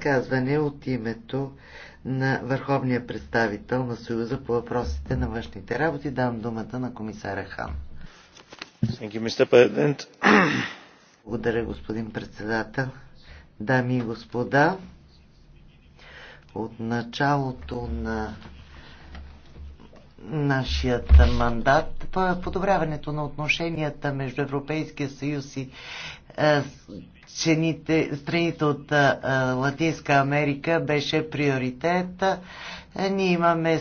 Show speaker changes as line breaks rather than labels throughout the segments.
изказване от името на върховния представител на Съюза по въпросите на външните работи. Дам думата на комисаря Хан. Благодаря, господин председател. Дами и господа, от началото на нашият мандат. Е подобряването на отношенията между Европейския съюз и Чените, е, страните от е, Латинска Америка беше приоритет. Ние имаме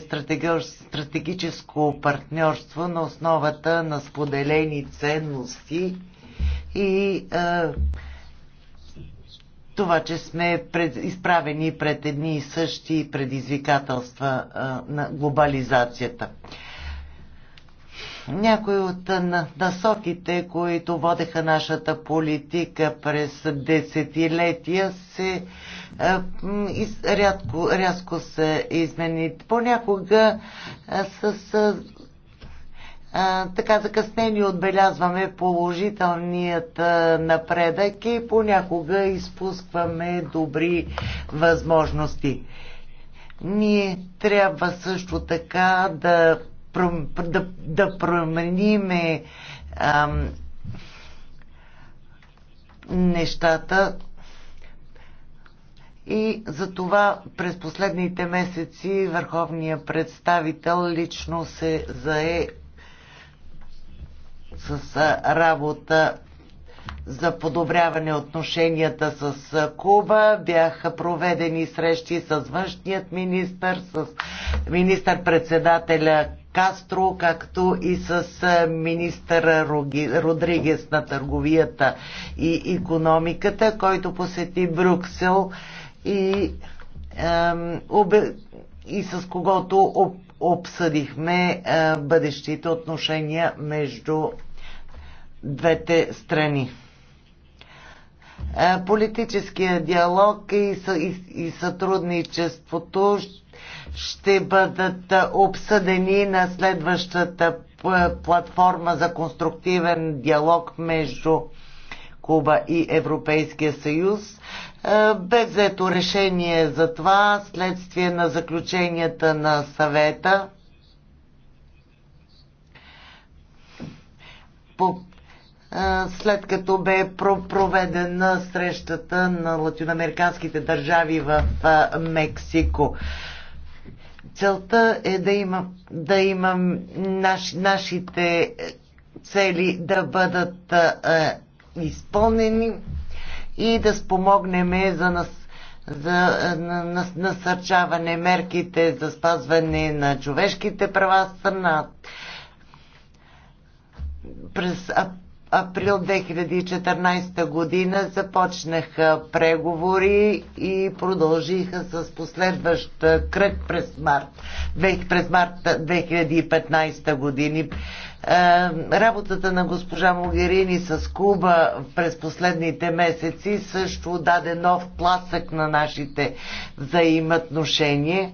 стратегическо партньорство на основата на споделени ценности и това, че сме пред, изправени пред едни и същи предизвикателства а, на глобализацията. Някои от насоките, които водеха нашата политика през десетилетия, се а, из, рядко, рязко се изменят. Понякога а, с. А, а, така закъснени отбелязваме положителният а, напредък и понякога изпускваме добри възможности. Ние трябва също така да, да, да промениме ам, нещата и за това през последните месеци върховният представител лично се зае с работа за подобряване отношенията с Куба. Бяха проведени срещи с външният министр, с министър-председателя Кастро, както и с министър Родригес на търговията и економиката, който посети Брюксел и, ем, обе, и с когото об, обсъдихме е, бъдещите отношения между двете страни. Е, политическия диалог и сътрудничеството ще бъдат обсъдени на следващата платформа за конструктивен диалог между Куба и Европейския съюз. Е, Бе взето решение за това следствие на заключенията на съвета по след като бе проведена срещата на латиноамериканските държави в Мексико. Целта е да има, да има наш, нашите цели да бъдат е, изпълнени и да спомогнем за нас за насърчаване мерките за спазване на човешките права страна. През април 2014 година започнаха преговори и продължиха с последващ кръг през март, през март 2015 години. Е, работата на госпожа Могерини с Куба през последните месеци също даде нов пласък на нашите взаимоотношения.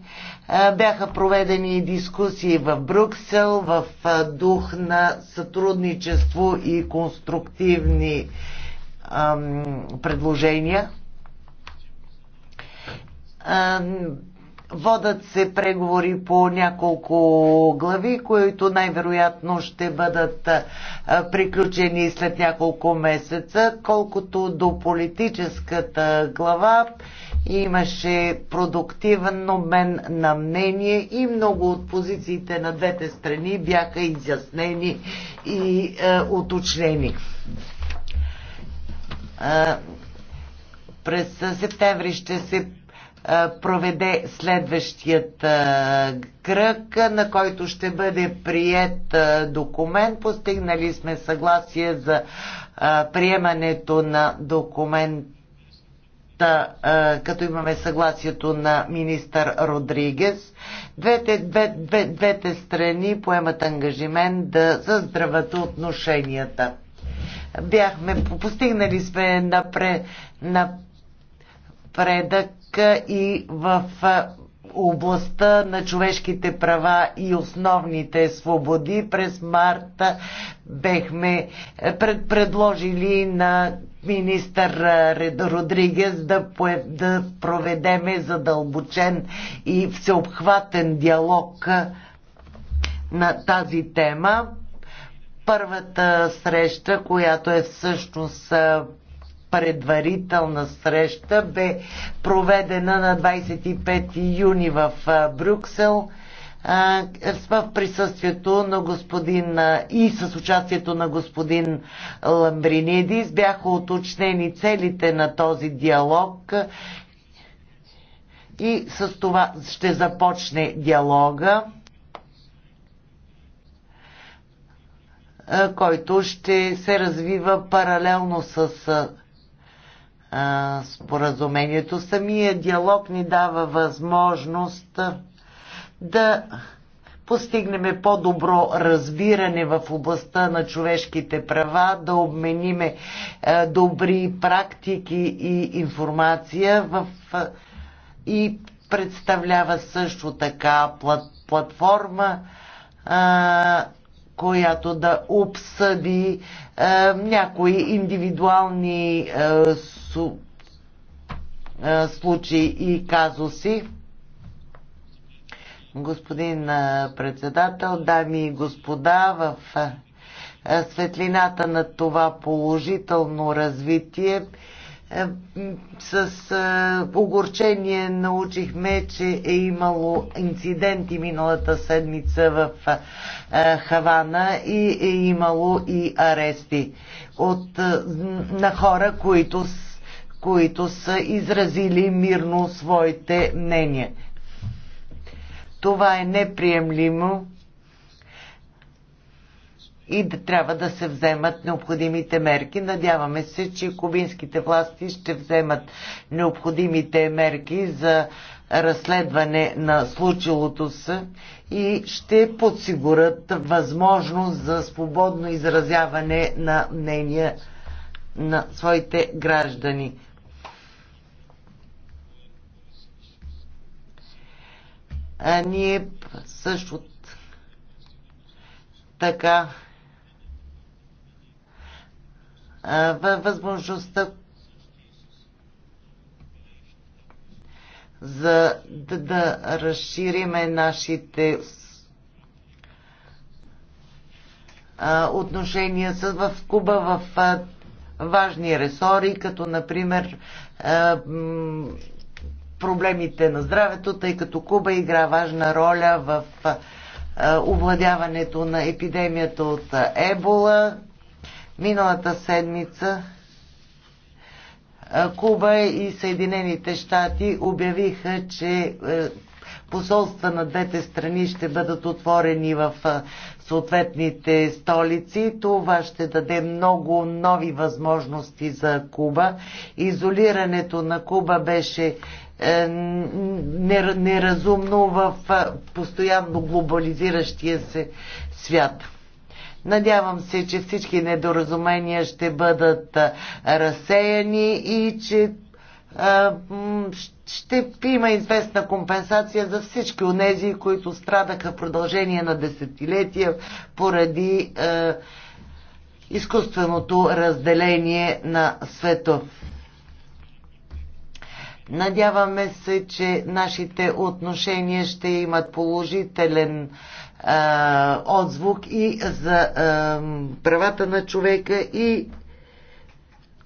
Бяха проведени дискусии в Брюксел в дух на сътрудничество и конструктивни предложения. Водат се преговори по няколко глави, които най-вероятно ще бъдат приключени след няколко месеца. Колкото до политическата глава, Имаше продуктивен обмен на мнение и много от позициите на двете страни бяха изяснени и е, уточнени. Е, през септември ще се е, проведе следващият е, кръг, на който ще бъде прият е, документ. Постигнали сме съгласие за приемането на документ а, е, като имаме съгласието на министър Родригес, двете, две, две, двете страни поемат ангажимент да заздрават отношенията. Бяхме, постигнали сме напред, напредък и в областта на човешките права и основните свободи. През март бехме е, пред, предложили на министър е, Родригес да, да проведеме задълбочен и всеобхватен диалог е, на тази тема. Първата среща, която е всъщност предварителна среща бе проведена на 25 юни в Брюксел в присъствието на господин и с участието на господин Ламбринидис бяха уточнени целите на този диалог и с това ще започне диалога, който ще се развива паралелно с споразумението. Самия диалог ни дава възможност да постигнеме по-добро разбиране в областта на човешките права, да обмениме добри практики и информация в, е, и представлява също така платформа която да обсъди е, някои индивидуални е, су, е, случаи и казуси. Господин е, председател, дами и господа, в е, светлината на това положително развитие е, с е, огорчение научихме, че е имало инциденти миналата седмица в е, Хавана и е имало и арести от, на хора, които, които са изразили мирно своите мнения. Това е неприемлимо и да трябва да се вземат необходимите мерки. Надяваме се, че кубинските власти ще вземат необходимите мерки за разследване на случилото се и ще подсигурят възможност за свободно изразяване на мнения на своите граждани. А ние също така възможността за да, да разшириме нашите а, отношения с, в Куба в а, важни ресори, като например а, м, проблемите на здравето, тъй като Куба игра важна роля в а, овладяването на епидемията от Ебола. Миналата седмица Куба и Съединените щати обявиха, че посолства на двете страни ще бъдат отворени в съответните столици. Това ще даде много нови възможности за Куба. Изолирането на Куба беше е, неразумно в постоянно глобализиращия се свят. Надявам се, че всички недоразумения ще бъдат разсеяни и че ще има известна компенсация за всички онези, които страдаха в продължение на десетилетия поради е, изкуственото разделение на света. Надяваме се, че нашите отношения ще имат положителен а, отзвук и за а, правата на човека и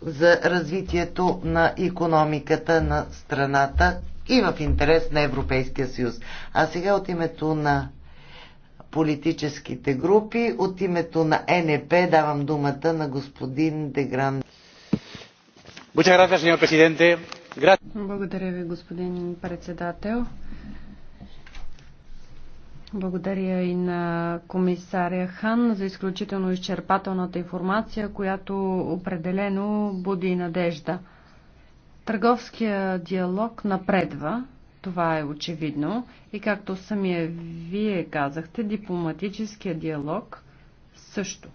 за развитието на економиката на страната и в интерес на Европейския съюз. А сега от името на политическите групи, от името на НП давам думата на господин Дегран.
Благодаря ви, господин председател. Благодаря и на комисаря Хан за изключително изчерпателната информация, която определено буди надежда. Търговския диалог напредва, това е очевидно, и както самия вие казахте, дипломатическия диалог също.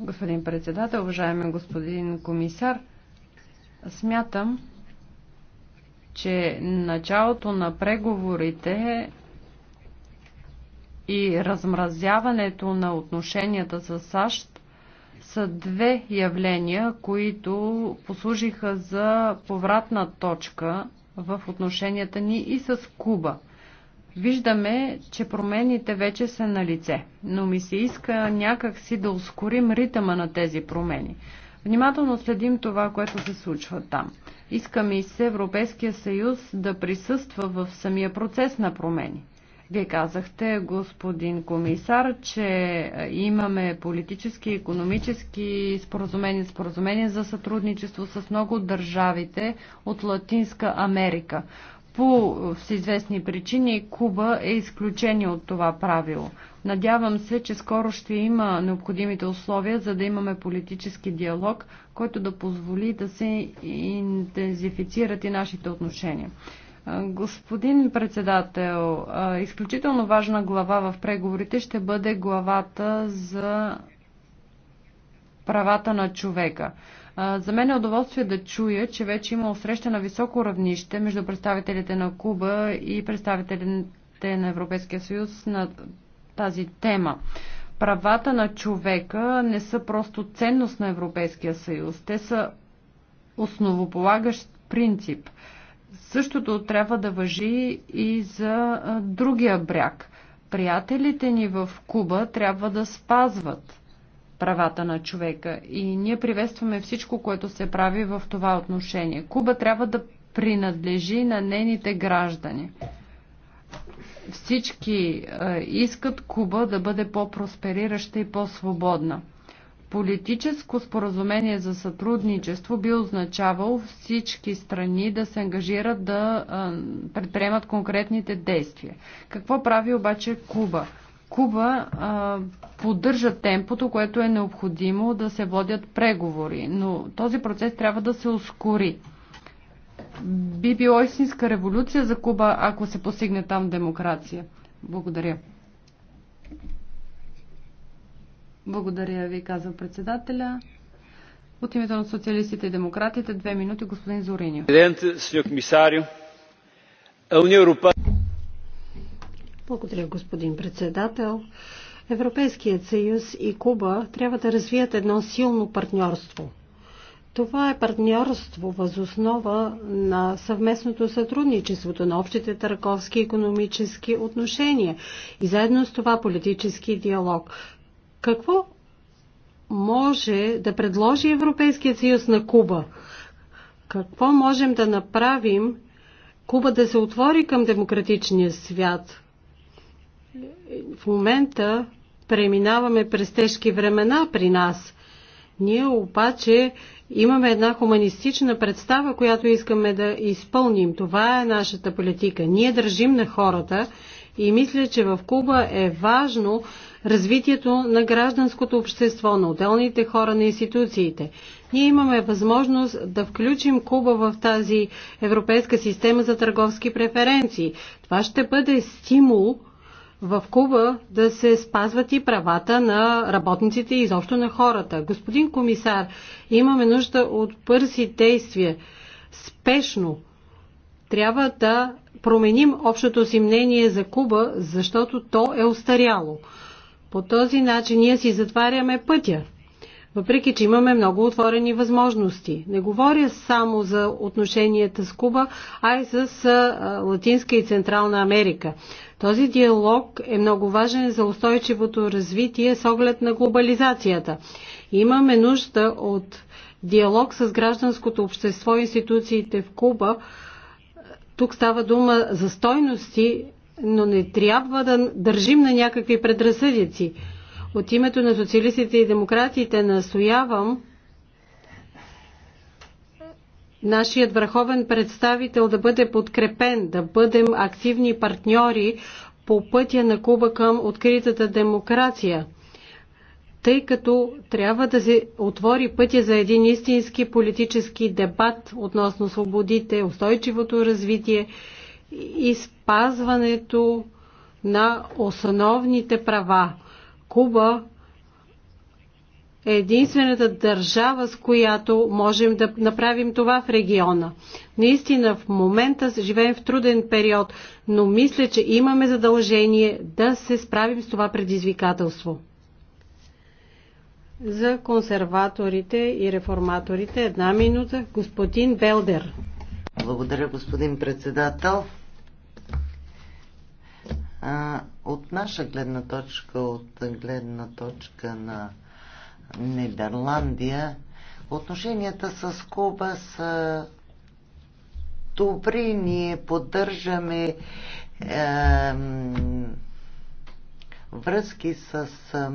Господин председател, уважаеми господин комисар, смятам, че началото на преговорите и размразяването на отношенията с САЩ са две явления, които послужиха за повратна точка в отношенията ни и с Куба. Виждаме, че промените вече са на лице, но ми се иска някакси да ускорим ритъма на тези промени. Внимателно следим това, което се случва там. Искаме и се Европейския съюз да присъства в самия процес на промени. Вие казахте, господин комисар, че имаме политически, економически споразумения, споразумения за сътрудничество с много от държавите от Латинска Америка. По всеизвестни причини Куба е изключение от това правило. Надявам се, че скоро ще има необходимите условия, за да имаме политически диалог, който да позволи да се интензифицират и нашите отношения. Господин председател, изключително важна глава в преговорите ще бъде главата за правата на човека. За мен е удоволствие да чуя, че вече има среща на високо равнище между представителите на Куба и представителите на Европейския съюз на тази тема. Правата на човека не са просто ценност на Европейския съюз. Те са основополагащ принцип. Същото трябва да въжи и за другия бряг. Приятелите ни в Куба трябва да спазват правата на човека и ние приветстваме всичко, което се прави в това отношение. Куба трябва да принадлежи на нейните граждани. Всички искат Куба да бъде по-просперираща и по-свободна. Политическо споразумение за сътрудничество би означавало всички страни да се ангажират да предприемат конкретните действия. Какво прави обаче Куба? Куба а, поддържа темпото, което е необходимо да се водят преговори, но този процес трябва да се ускори би било истинска революция за Куба, ако се постигне там демокрация. Благодаря. Благодаря ви, казва председателя. От името на социалистите и демократите, две минути, господин Зориньо.
Благодаря, господин председател. Европейският съюз и Куба трябва да развият едно силно партньорство. Това е партньорство възоснова на съвместното сътрудничеството на общите търговски и економически отношения и заедно с това политически диалог. Какво може да предложи Европейският съюз на Куба? Какво можем да направим Куба да се отвори към демократичния свят? В момента преминаваме през тежки времена при нас. Ние обаче Имаме една хуманистична представа, която искаме да изпълним. Това е нашата политика. Ние държим на хората и мисля, че в Куба е важно развитието на гражданското общество, на отделните хора, на институциите. Ние имаме възможност да включим Куба в тази европейска система за търговски преференции. Това ще бъде стимул в Куба да се спазват и правата на работниците и изобщо на хората. Господин комисар, имаме нужда от бързи действия. Спешно трябва да променим общото си мнение за Куба, защото то е устаряло. По този начин ние си затваряме пътя въпреки че имаме много отворени възможности. Не говоря само за отношенията с Куба, а и с Латинска и Централна Америка. Този диалог е много важен за устойчивото развитие с оглед на глобализацията. Имаме нужда от диалог с гражданското общество и институциите в Куба. Тук става дума за стойности, но не трябва да държим на някакви предразсъдици. От името на социалистите и демократите настоявам нашият върховен представител да бъде подкрепен, да бъдем активни партньори по пътя на Куба към откритата демокрация, тъй като трябва да се отвори пътя за един истински политически дебат относно свободите, устойчивото развитие и спазването на основните права. Куба е единствената държава, с която можем да направим това в региона. Наистина в момента живеем в труден период, но мисля, че имаме задължение да се справим с това предизвикателство. За консерваторите и реформаторите една минута. Господин Белдер.
Благодаря, господин председател. А, от наша гледна точка, от гледна точка на Нидерландия. Отношенията с Куба са добри. Ние поддържаме е, връзки с е,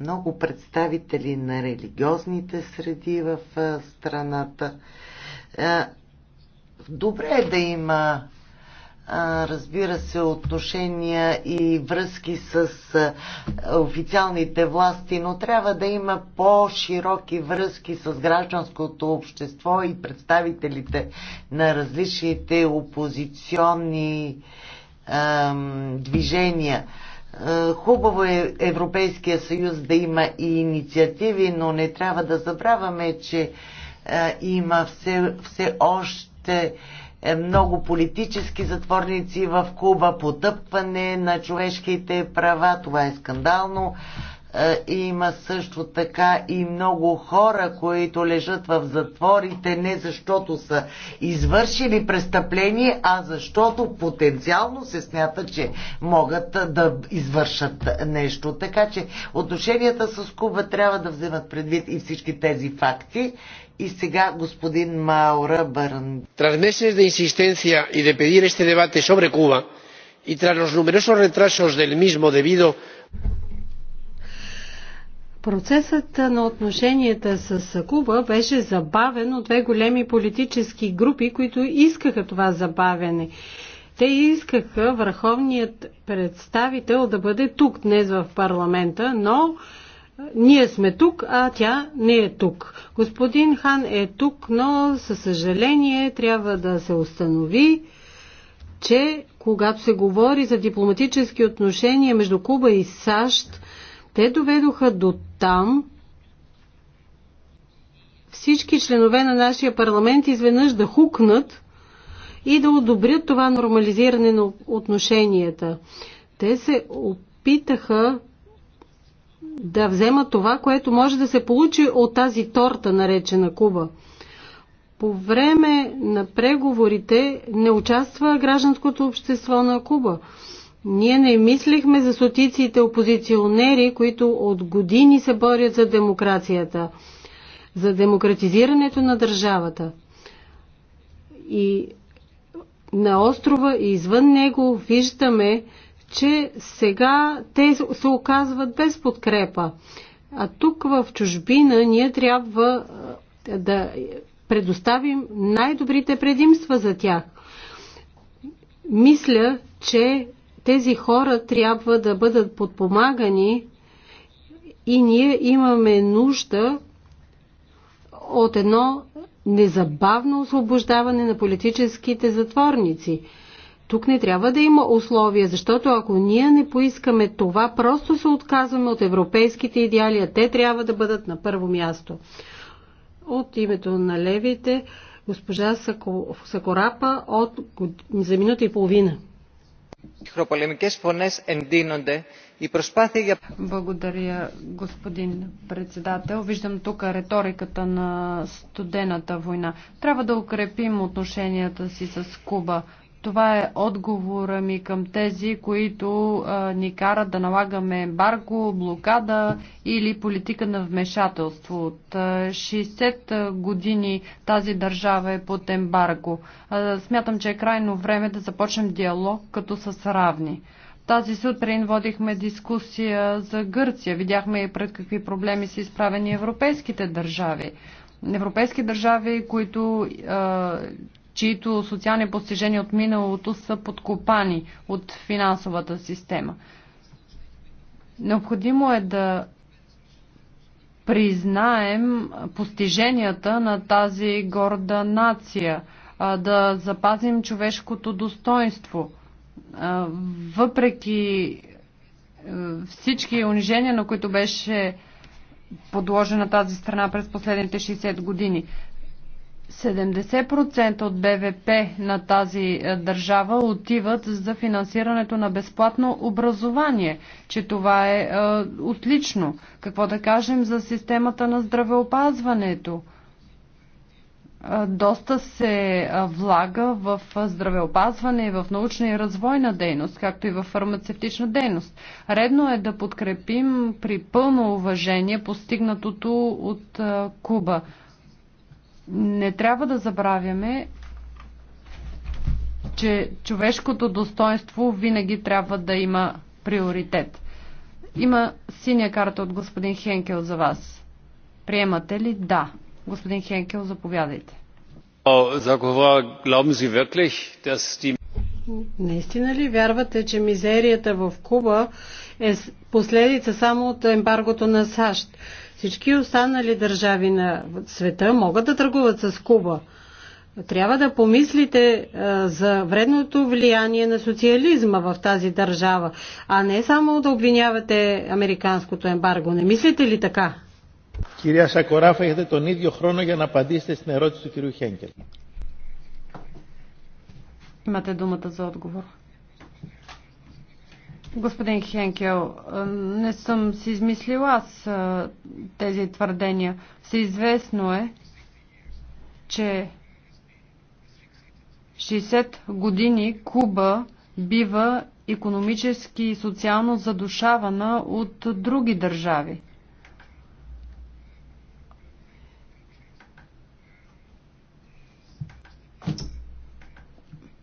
много представители на религиозните среди в е, страната. Е, добре е да има разбира се, отношения и връзки с официалните власти, но трябва да има по-широки връзки с гражданското общество и представителите на различните опозиционни движения. Хубаво е Европейския съюз да има и инициативи, но не трябва да забравяме, че има все, все още е, много политически затворници в Куба, потъпване на човешките права. Това е скандално. Е, има също така и много хора, които лежат в затворите не защото са извършили престъпление, а защото потенциално се смята, че могат да извършат нещо. Така че отношенията с Куба трябва да вземат предвид и всички тези факти. И сега господин Маура Бърн. Tras meses de insistencia y de pedir este debate sobre Cuba y tras los numerosos retrasos del mismo debido
Процесът на отношенията с Куба беше забавен от две големи политически групи, които искаха това забавяне. Те искаха върховният представител да бъде тук днес в парламента, но ние сме тук, а тя не е тук. Господин Хан е тук, но със съжаление трябва да се установи, че когато се говори за дипломатически отношения между Куба и САЩ, те доведоха до там всички членове на нашия парламент изведнъж да хукнат и да одобрят това нормализиране на отношенията. Те се опитаха да вземат това, което може да се получи от тази торта, наречена Куба. По време на преговорите не участва гражданското общество на Куба. Ние не мислихме за стотиците опозиционери, които от години се борят за демокрацията, за демократизирането на държавата. И на острова и извън него виждаме, че сега те се оказват без подкрепа. А тук в чужбина ние трябва да предоставим най-добрите предимства за тях. Мисля, че тези хора трябва да бъдат подпомагани и ние имаме нужда от едно незабавно освобождаване на политическите затворници. Тук не трябва да има условия, защото ако ние не поискаме това, просто се отказваме от европейските идеали, а те трябва да бъдат на първо място. От името на левите, госпожа Сакорапа от, за минута и половина.
Благодаря, господин председател. Виждам тук риториката на студената война. Трябва да укрепим отношенията си с Куба. Това е отговора ми към тези, които а, ни карат да налагаме ембарго, блокада или политика на вмешателство. От а, 60 години тази държава е под ембарго. А, смятам, че е крайно време да започнем диалог като с равни. Тази сутрин водихме дискусия за Гърция. Видяхме и пред какви проблеми са изправени европейските държави. Европейски държави, които. А, чието социални постижения от миналото са подкопани от финансовата система. Необходимо е да признаем постиженията на тази горда нация, да запазим човешкото достоинство. Въпреки всички унижения, на които беше подложена тази страна през последните 60 години. 70% от БВП на тази е, държава отиват за финансирането на безплатно образование, че това е, е отлично. Какво да кажем за системата на здравеопазването? Е, доста се е, влага в здравеопазване и в научна и развойна дейност, както и в фармацевтична дейност. Редно е да подкрепим при пълно уважение постигнатото от Куба. Не трябва да забравяме, че човешкото достоинство винаги трябва да има приоритет. Има синя карта от господин Хенкел за вас. Приемате ли? Да. Господин Хенкел, заповядайте.
Наистина ли вярвате, че мизерията в Куба е последица само от ембаргото на САЩ? Всички останали държави на света могат да търгуват с Куба. Трябва да помислите е, за вредното влияние на социализма в тази държава, а не само да обвинявате американското ембарго. Не мислите ли така?
Кирия Сакорафа, έχετε τον ίδιο χρόνο για να απαντήσετε στην ερώτηση του κυρίου
Имате думата за отговор. Господин Хенкел, не съм си измислила аз тези твърдения. Всеизвестно е, че 60 години Куба бива економически и социално задушавана от други държави.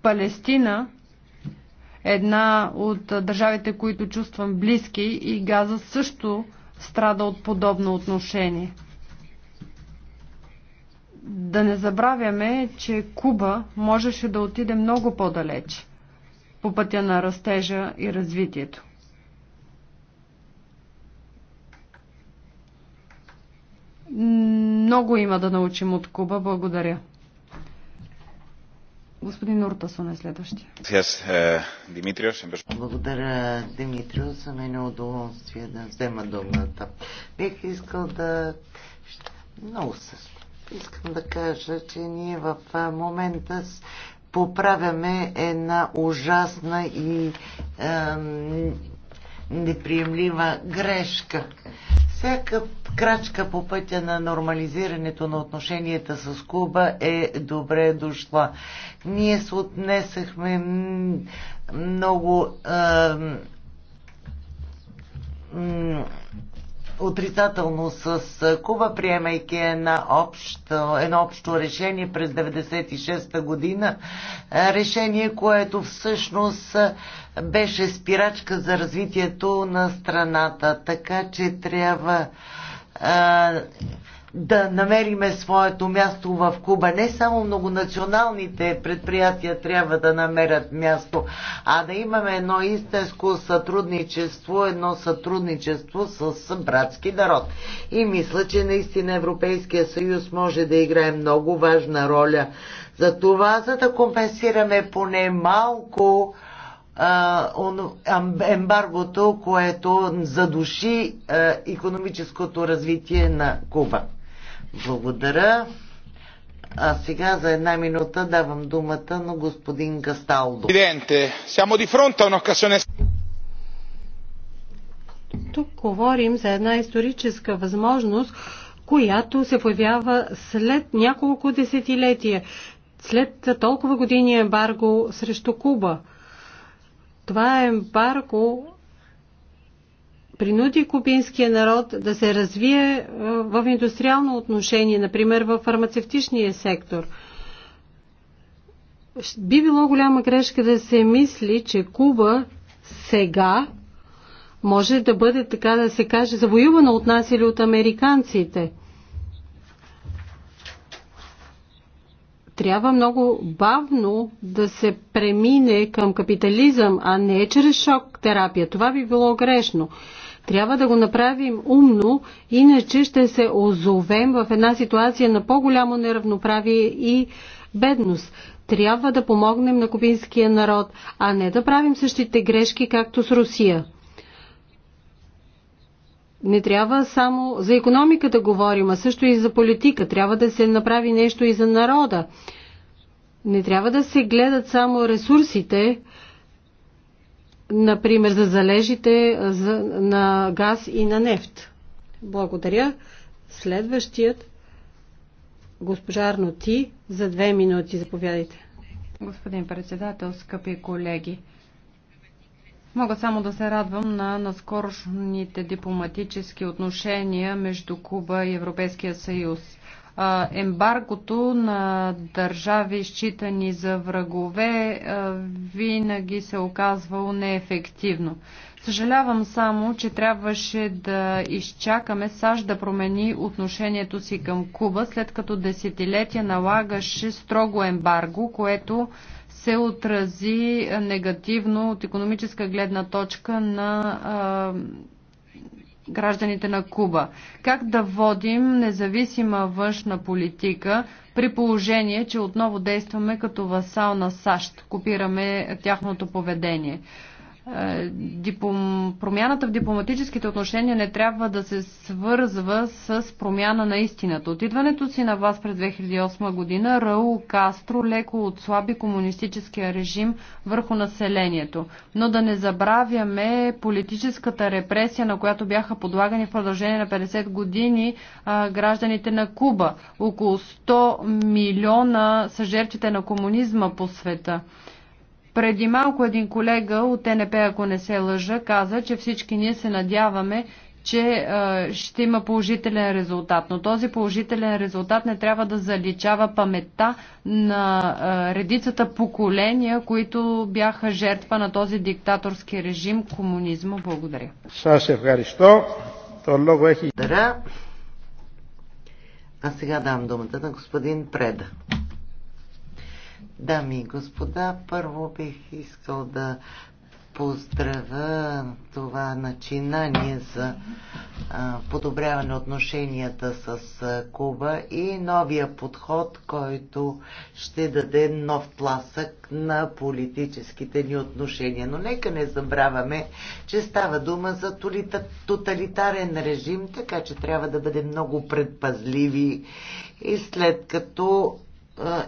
Палестина една от държавите, които чувствам близки и Газа също страда от подобно отношение. Да не забравяме, че Куба можеше да отиде много по-далеч по пътя на растежа и развитието. Много има да научим от Куба. Благодаря.
Господин Уртасон е следващия.
Eh,
Благодаря, Димитрио. За мен е удоволствие да взема думата. Бих искал да... Много се... Искам да кажа, че ние в момента поправяме една ужасна и ем, неприемлива грешка. Всяка крачка по пътя на нормализирането на отношенията с Куба е добре дошла. Ние се отнесахме много отрицателно с Куба, приемайки една общо, едно общо решение през 1996 година. Решение, което всъщност беше спирачка за развитието на страната. Така че трябва да намериме своето място в Куба. Не само многонационалните предприятия трябва да намерят място, а да имаме едно истинско сътрудничество, едно сътрудничество с братски народ. И мисля, че наистина Европейския съюз може да играе много важна роля за това, за да компенсираме поне малко ембаргото, което задуши економическото развитие на Куба. Благодаря. А сега за една минута давам думата на господин Гасталдо.
Тук говорим за една историческа възможност, която се появява след няколко десетилетия, след толкова години ембарго срещу Куба. Това ембарго принуди кубинския народ да се развие е, в индустриално отношение, например в фармацевтичния сектор. Би било голяма грешка да се мисли, че Куба сега може да бъде, така да се каже, завоювана от нас или от американците. Трябва много бавно да се премине към капитализъм, а не чрез шок терапия. Това би било грешно. Трябва да го направим умно, иначе ще се озовем в една ситуация на по-голямо неравноправие и бедност. Трябва да помогнем на кубинския народ, а не да правим същите грешки, както с Русия. Не трябва само за економика да говорим, а също и за политика. Трябва да се направи нещо и за народа. Не трябва да се гледат само ресурсите, например, за залежите на газ и на нефт. Благодаря. Следващият, госпожа Арноти, за две минути. Заповядайте. Господин председател, скъпи колеги,
Мога само да се радвам на наскорошните дипломатически отношения между Куба и Европейския съюз ембаргото на държави, считани за врагове, винаги се оказвало неефективно. Съжалявам само, че трябваше да изчакаме САЩ да промени отношението си към Куба, след като десетилетия налагаше строго ембарго, което се отрази негативно от економическа гледна точка на гражданите на Куба. Как да водим независима външна политика при положение, че отново действаме като васал на САЩ, копираме тяхното поведение. Е, диплом... промяната в дипломатическите отношения не трябва да се свързва с промяна на истината. Отидването си на вас през 2008 година Раул Кастро леко отслаби комунистическия режим върху населението. Но да не забравяме политическата репресия, на която бяха подлагани в продължение на 50 години а, е, гражданите на Куба. Около 100 милиона са жертвите на комунизма по света. Преди малко един колега от НП, ако не се лъжа, каза, че всички ние се надяваме, че е, ще има положителен резултат. Но този положителен резултат не трябва да заличава паметта на е, редицата поколения, които бяха жертва на този диктаторски режим комунизма. Благодаря.
Благодаря. А сега дам думата на господин Преда. Дами и господа, първо бих искал да поздравя това начинание за подобряване отношенията с Куба и новия подход, който ще даде нов тласък на политическите ни отношения. Но нека не забравяме, че става дума за тоталитарен режим, така че трябва да бъдем много предпазливи и след като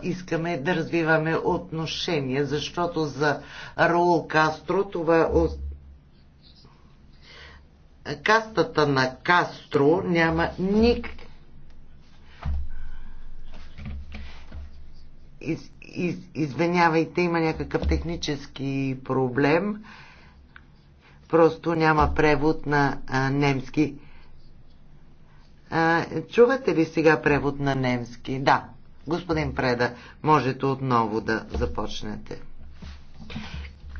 искаме да развиваме отношения, защото за Раул Кастро това е кастата на Кастро няма ник из, из, извинявайте, има някакъв технически проблем просто няма превод на а, немски. А, чувате ли сега превод на немски? Да. Господин Преда, можете отново да започнете.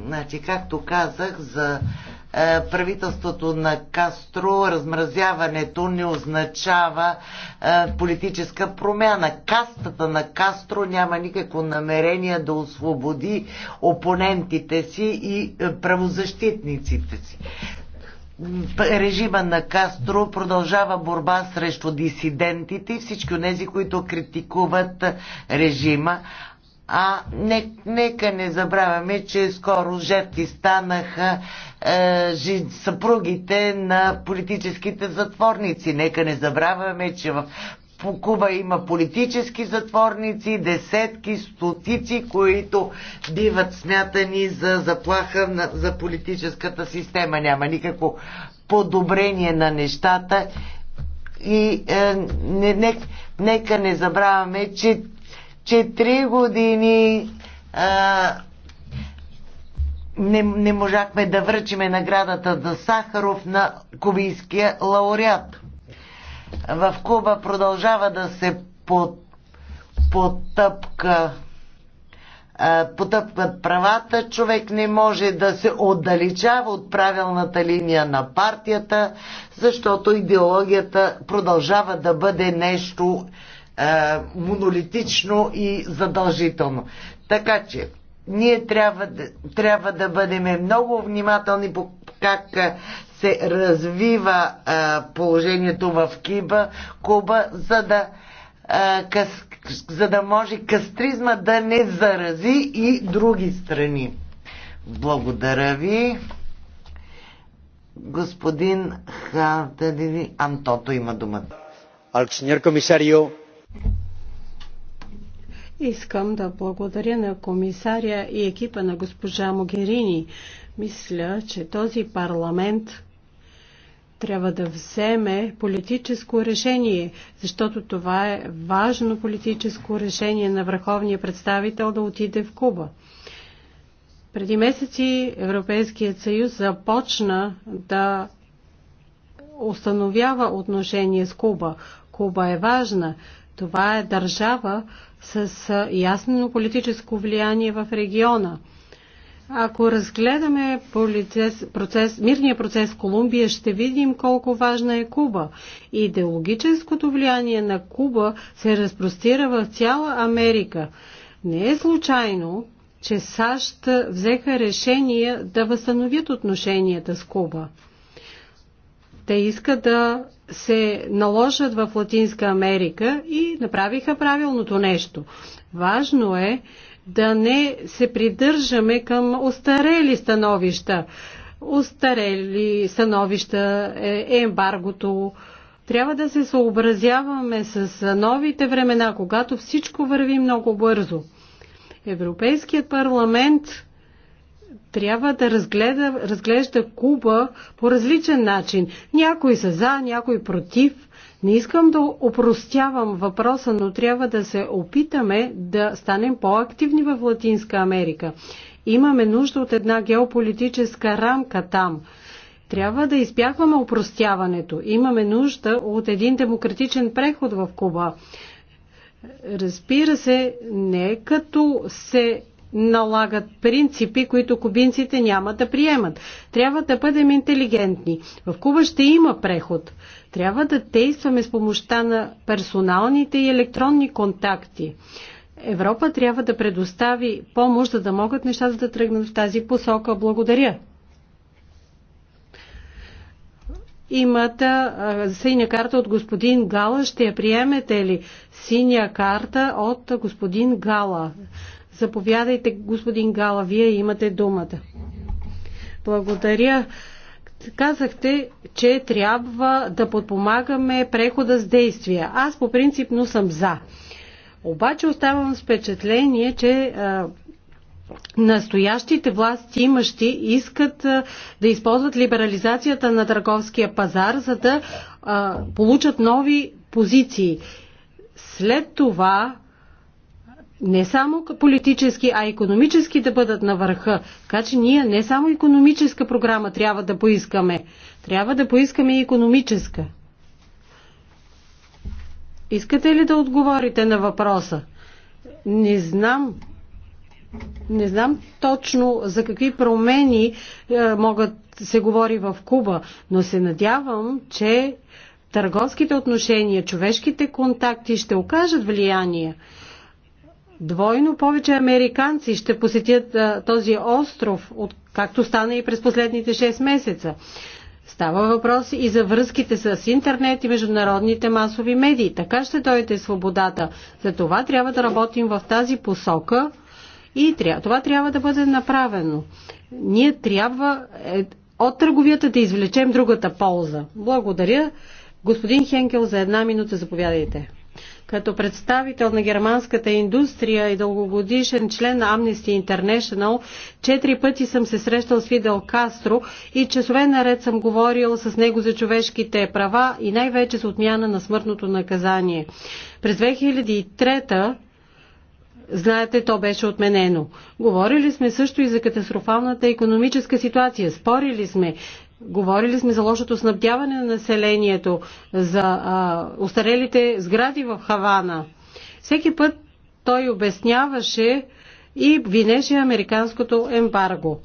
Значи, както казах, за е, правителството на Кастро размразяването не означава е, политическа промяна. Кастата на Кастро няма никакво намерение да освободи опонентите си и е, правозащитниците си режима на Кастро продължава борба срещу дисидентите и всички от тези, които критикуват режима. А не, нека не забравяме, че скоро жертви станаха е, жи, съпругите на политическите затворници. Нека не забравяме, че в по Куба има политически затворници, десетки, стотици, които биват смятани за заплаха на, за политическата система. Няма никакво подобрение на нещата. И е, не, не, нека не забравяме, че, че три години е, не, не можахме да връчиме наградата за Сахаров на кубийския лауреат в Куба продължава да се под, потъпка потъпват правата, човек не може да се отдалечава от правилната линия на партията, защото идеологията продължава да бъде нещо е, монолитично и задължително. Така че, ние трябва, трябва да бъдем много внимателни по как се развива а, положението в Киба, Куба, за да, а, къс, за да може кастризма да не зарази и други страни. Благодаря ви. Господин Хартадини Антото има думата. Алксеньор комисарио,
Искам да благодаря на комисаря и екипа на госпожа Могерини. Мисля, че този парламент трябва да вземе политическо решение, защото това е важно политическо решение на върховния представител да отиде в Куба. Преди месеци Европейският съюз започна да установява отношение с Куба. Куба е важна. Това е държава с ясно политическо влияние в региона. Ако разгледаме процес, процес, мирния процес в Колумбия, ще видим колко важна е Куба. Идеологическото влияние на Куба се разпростира в цяла Америка. Не е случайно, че САЩ взеха решение да възстановят отношенията с Куба. Те искат да се наложат в Латинска Америка и направиха правилното нещо. Важно е да не се придържаме към устарели становища. Устарели становища е ембаргото. Трябва да се съобразяваме с новите времена, когато всичко върви много бързо. Европейският парламент трябва да разгледа, разглежда Куба по различен начин. Някои са за, някой против, не искам да опростявам въпроса, но трябва да се опитаме да станем по-активни в Латинска Америка. Имаме нужда от една геополитическа рамка там. Трябва да избягваме опростяването. Имаме нужда от един демократичен преход в Куба. Разбира се, не е като се налагат принципи, които кубинците няма да приемат. Трябва да бъдем интелигентни. В Куба ще има преход. Трябва да действаме с помощта на персоналните и електронни контакти. Европа трябва да предостави помощ, за да могат нещата да тръгнат в тази посока. Благодаря. Имате синя карта от господин Гала. Ще я приемете ли? Синя карта от господин Гала. Заповядайте, господин Гала. Вие имате думата. Благодаря. Казахте, че трябва да подпомагаме прехода с действия. Аз по принципно съм за. Обаче оставам с впечатление, че настоящите власти имащи искат да използват либерализацията на търговския пазар, за да получат нови позиции. След това не само политически, а економически да бъдат на върха. Така че ние не само економическа програма трябва да поискаме, трябва да поискаме и економическа. Искате ли да отговорите на въпроса? Не знам. Не знам точно за какви промени е, могат се говори в Куба, но се надявам, че търговските отношения, човешките контакти ще окажат влияние. Двойно повече американци ще посетят а, този остров, от, както стана и през последните 6 месеца. Става въпрос и за връзките с интернет и международните масови медии. Така ще дойде свободата. За това трябва да работим в тази посока и това трябва да бъде направено. Ние трябва е, от търговията да извлечем другата полза. Благодаря. Господин Хенкел, за една минута заповядайте. Като представител на германската индустрия и дългогодишен член на Amnesty International, четири пъти съм се срещал с Фидел Кастро и часове наред съм говорил с него за човешките права и най-вече за отмяна на смъртното наказание. През 2003 Знаете, то беше отменено. Говорили сме също и за катастрофалната економическа ситуация. Спорили сме Говорили сме за лошото снабдяване на населението, за а, устарелите сгради в Хавана. Всеки път той обясняваше и винеше американското ембарго.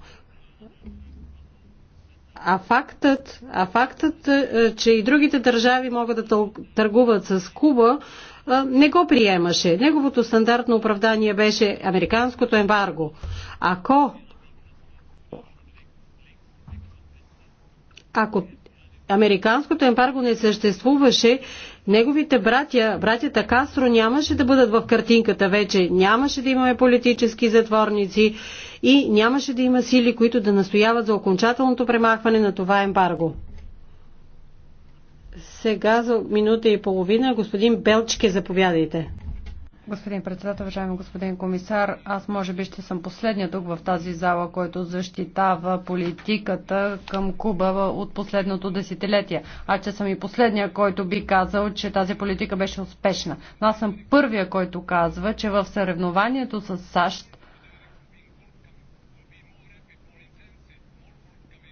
А фактът, а фактът, е, че и другите държави могат да търгуват с Куба, е, не го приемаше. Неговото стандартно оправдание беше американското ембарго. Ако Ако американското ембарго не съществуваше, неговите братя, братята Кастро нямаше да бъдат в картинката вече, нямаше да имаме политически затворници и нямаше да има сили, които да настояват за окончателното премахване на това ембарго. Сега за минута и половина господин Белчке заповядайте.
Господин председател, уважаеми господин комисар, аз може би ще съм последния тук в тази зала, който защитава политиката към Куба от последното десетилетие. А че съм и последния, който би казал, че тази политика беше успешна. Но аз съм първия, който казва, че в съревнованието с САЩ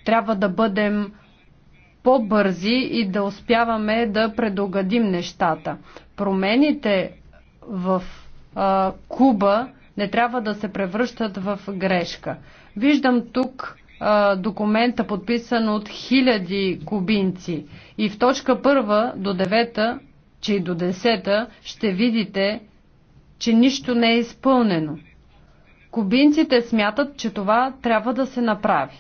трябва да бъдем по-бързи и да успяваме да предогадим нещата. Промените в а, Куба не трябва да се превръщат в грешка. Виждам тук а, документа, подписан от хиляди кубинци. И в точка първа до девета, че и до десета, ще видите, че нищо не е изпълнено. Кубинците смятат, че това трябва да се направи.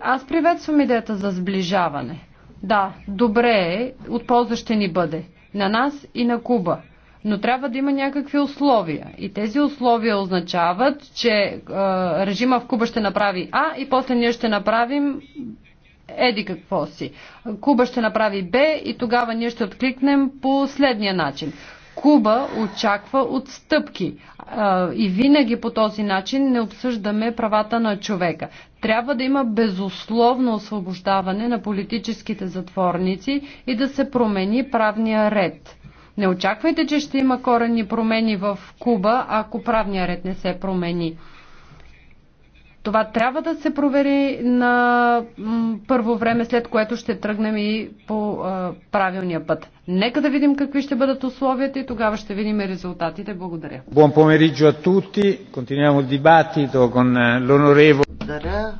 аз приветствам идеята за сближаване. Да, добре е, от полза ще ни бъде. На нас и на Куба но трябва да има някакви условия. И тези условия означават, че е, режима в Куба ще направи А и после ние ще направим еди какво си. Куба ще направи Б и тогава ние ще откликнем по следния начин. Куба очаква отстъпки. И винаги по този начин не обсъждаме правата на човека. Трябва да има безусловно освобождаване на политическите затворници и да се промени правния ред. Не очаквайте, че ще има корени промени в Куба, ако правния ред не се промени. Това трябва да се провери на първо време, след което ще тръгнем и по а, правилния път. Нека да видим какви ще бъдат условията и тогава ще видим резултатите. Благодаря.
Buon pomeriggio a tutti. Continuiamo il dibattito con l'onorevole. Благодаря.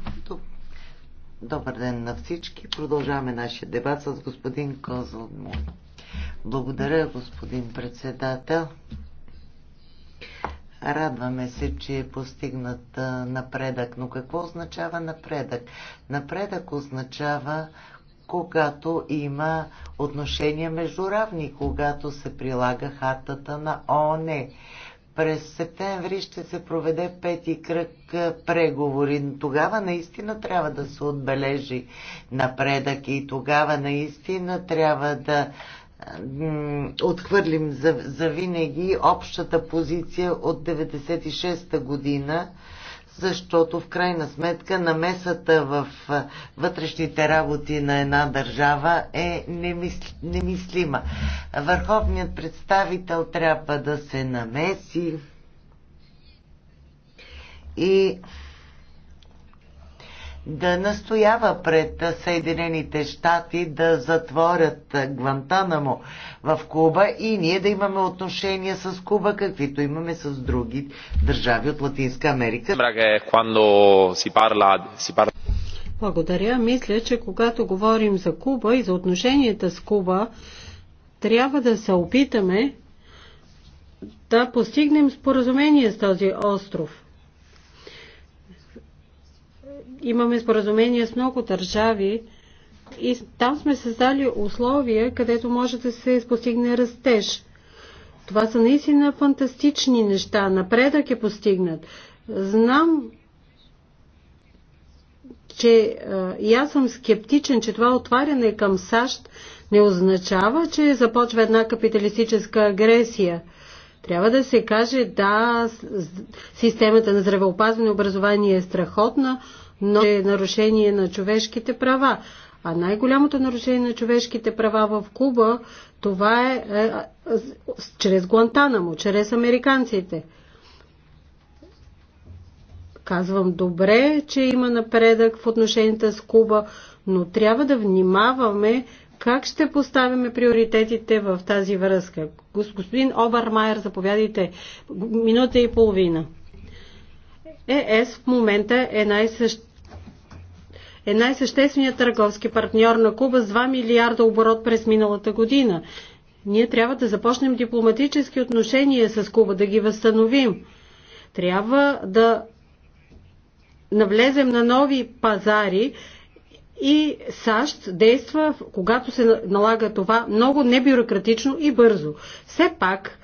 Добър ден на всички. Продължаваме нашия дебат с господин Козълмо. Благодаря, господин председател. Радваме се, че е постигнат напредък. Но какво означава напредък? Напредък означава когато има отношения между равни, когато се прилага хартата на ООН. През септември ще се проведе пети кръг преговори. Тогава наистина трябва да се отбележи напредък и тогава наистина трябва да отхвърлим за, за винаги общата позиция от 96-та година защото в крайна сметка намесата в вътрешните работи на една държава е немислима. Върховният представител трябва да се намеси и да настоява пред Съединените щати да затворят Гвантанамо в Куба и ние да имаме отношения с Куба, каквито имаме с други държави от Латинска Америка. Е,
Благодаря. Мисля, че когато говорим за Куба и за отношенията с Куба, трябва да се опитаме да постигнем споразумение с този остров имаме споразумение с много държави и там сме създали условия, където може да се постигне растеж. Това са наистина фантастични неща. Напредък е постигнат. Знам, че и аз съм скептичен, че това отваряне към САЩ не означава, че започва една капиталистическа агресия. Трябва да се каже, да, системата на здравеопазване и образование е страхотна, но е нарушение на човешките права. А най-голямото нарушение на човешките права в Куба, това е, е, е чрез Гуантанамо, чрез американците. Казвам добре, че има напредък в отношенията с Куба, но трябва да внимаваме как ще поставяме приоритетите в тази връзка. Господин Обермайер, заповядайте. Минута и половина. Е, ЕС в момента е най-същ е най-същественият търговски партньор на Куба с 2 милиарда оборот през миналата година. Ние трябва да започнем дипломатически отношения с Куба, да ги възстановим. Трябва да навлезем на нови пазари и САЩ действа, когато се налага това, много небюрократично и бързо. Все пак,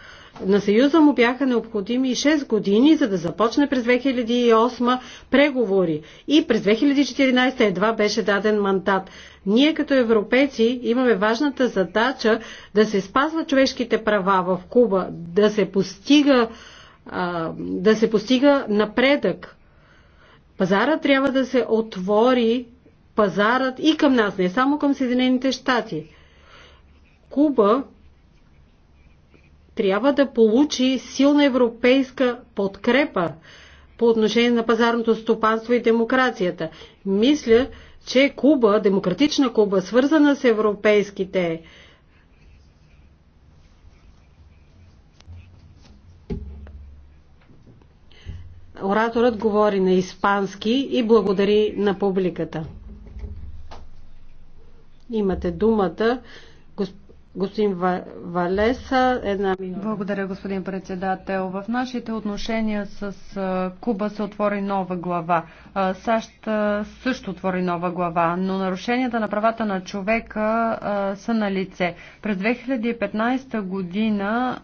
на Съюза му бяха необходими 6 години, за да започне през 2008 преговори. И през 2014 едва беше даден мандат. Ние като европейци имаме важната задача да се спазва човешките права в Куба, да се постига, да се постига напредък. Пазара трябва да се отвори пазарът и към нас, не само към Съединените щати. Куба трябва да получи силна европейска подкрепа по отношение на пазарното стопанство и демокрацията. Мисля, че Куба, демократична Куба, свързана с европейските Ораторът говори на испански и благодари на публиката. Имате думата, господин Господин Валеса, една минута. Благодаря, господин председател. В нашите отношения
с Куба се отвори нова глава. САЩ също отвори нова глава, но нарушенията на правата на човека са на лице. През 2015 година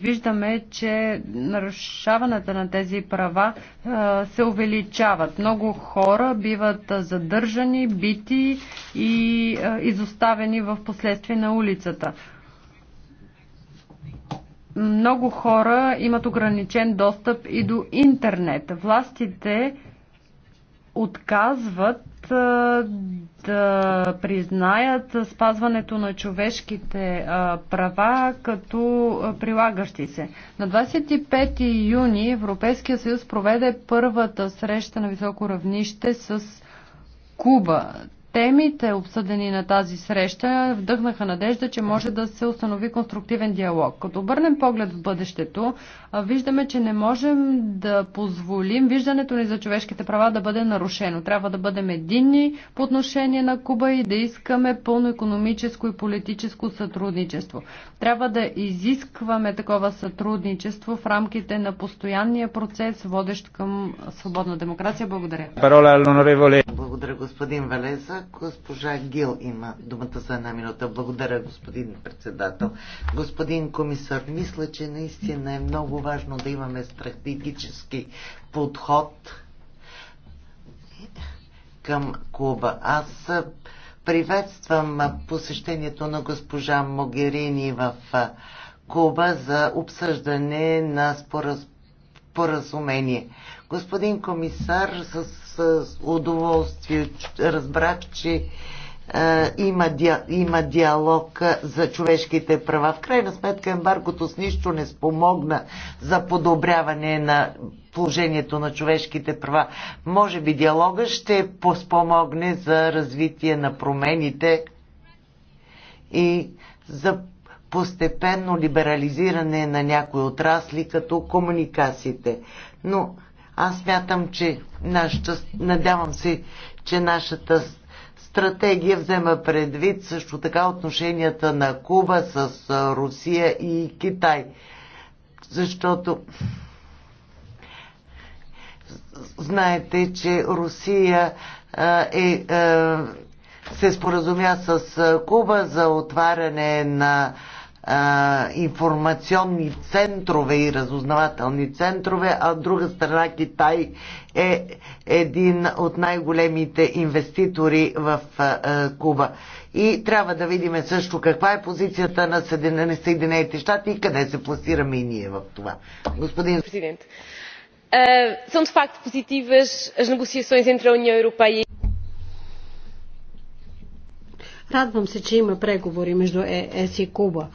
виждаме, че нарушаването на тези права се увеличават. Много хора биват задържани, бити и изоставени в последствие на улицата хората. Много хора имат ограничен достъп и до интернет. Властите отказват да признаят спазването на човешките права като прилагащи се. На 25 юни Европейския съюз проведе първата среща на високо равнище с Куба. Темите, обсъдени на тази среща, вдъхнаха надежда, че може да се установи конструктивен диалог. Като обърнем поглед в бъдещето, виждаме, че не можем да позволим виждането ни за човешките права да бъде нарушено. Трябва да бъдем единни по отношение на Куба и да искаме пълно економическо и политическо сътрудничество. Трябва да изискваме такова сътрудничество в рамките на постоянния процес, водещ към свободна демокрация. Благодаря.
Благодаря, господин Валеза госпожа Гил има думата за една минута. Благодаря, господин председател. Господин комисар, мисля, че наистина е много важно да имаме стратегически подход към клуба. Аз приветствам посещението на госпожа Могерини в Куба за обсъждане на споразумение. Господин комисар, с удоволствие разбрах, че има, диа, има диалог за човешките права. В крайна сметка ембаркото с нищо не спомогна за подобряване на положението на човешките права. Може би диалога ще поспомогне за развитие на промените и за постепенно либерализиране на някои отрасли, като комуникациите. Но аз мятам, че нашата, надявам се, че нашата стратегия взема предвид също така отношенията на Куба с Русия и Китай. Защото знаете, че Русия е, е, се споразумя с Куба за отваряне на а, информационни центрове и разузнавателни центрове, а от друга страна Китай е един от най-големите инвеститори в а, Куба. И трябва да видим също каква е позицията на Съединените щати и къде се пласираме и ние в това. Господин Президент,
são de facto positivas as negociações entre a União Europeia e
Радвам се, че има преговори между е- ЕС и Куба.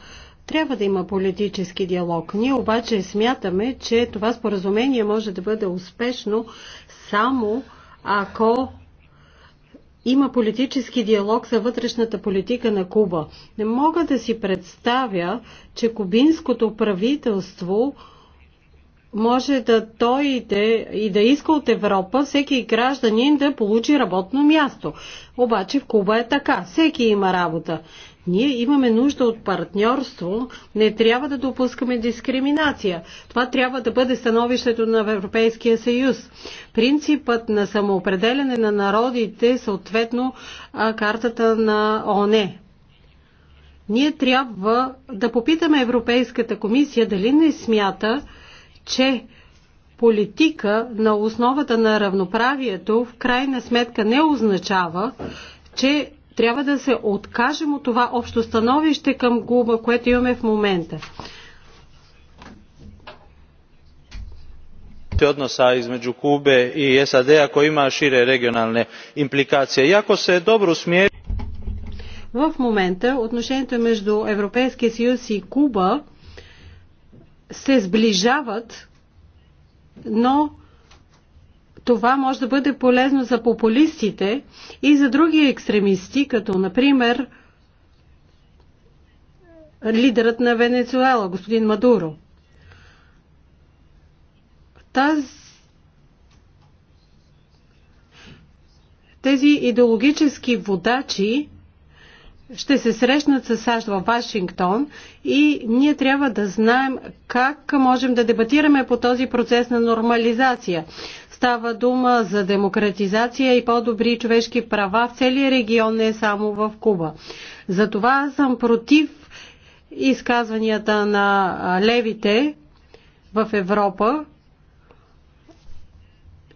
Трябва да има политически диалог. Ние обаче смятаме, че това споразумение може да бъде успешно само ако има политически диалог за вътрешната политика на Куба. Не мога да си представя, че кубинското правителство може да дойде и да иска от Европа всеки гражданин да получи работно място. Обаче в Куба е така. Всеки има работа. Ние имаме нужда от партньорство, не трябва да допускаме дискриминация. Това трябва да бъде становището на Европейския съюз. Принципът на самоопределене на народите, съответно картата на ОНЕ. Ние трябва да попитаме Европейската комисия дали не смята, че политика на основата на равноправието в крайна сметка не означава, че трябва да се откажем от това общо становище към губа, което имаме в момента. odnosa između kube i sad a koji ima šire regionalne implikacije. iako se dobro smjeri... в момента отношението между Европейския съюз и Куба се сближават, но това може да бъде полезно за популистите и за други екстремисти, като например лидерът на Венецуела, господин Мадуро. Таз... Тези идеологически водачи ще се срещнат с САЩ в Вашингтон и ние трябва да знаем как можем да дебатираме по този процес на нормализация. Става дума за демократизация и по-добри човешки права в целия регион, не само в Куба. Затова съм против изказванията на левите в Европа,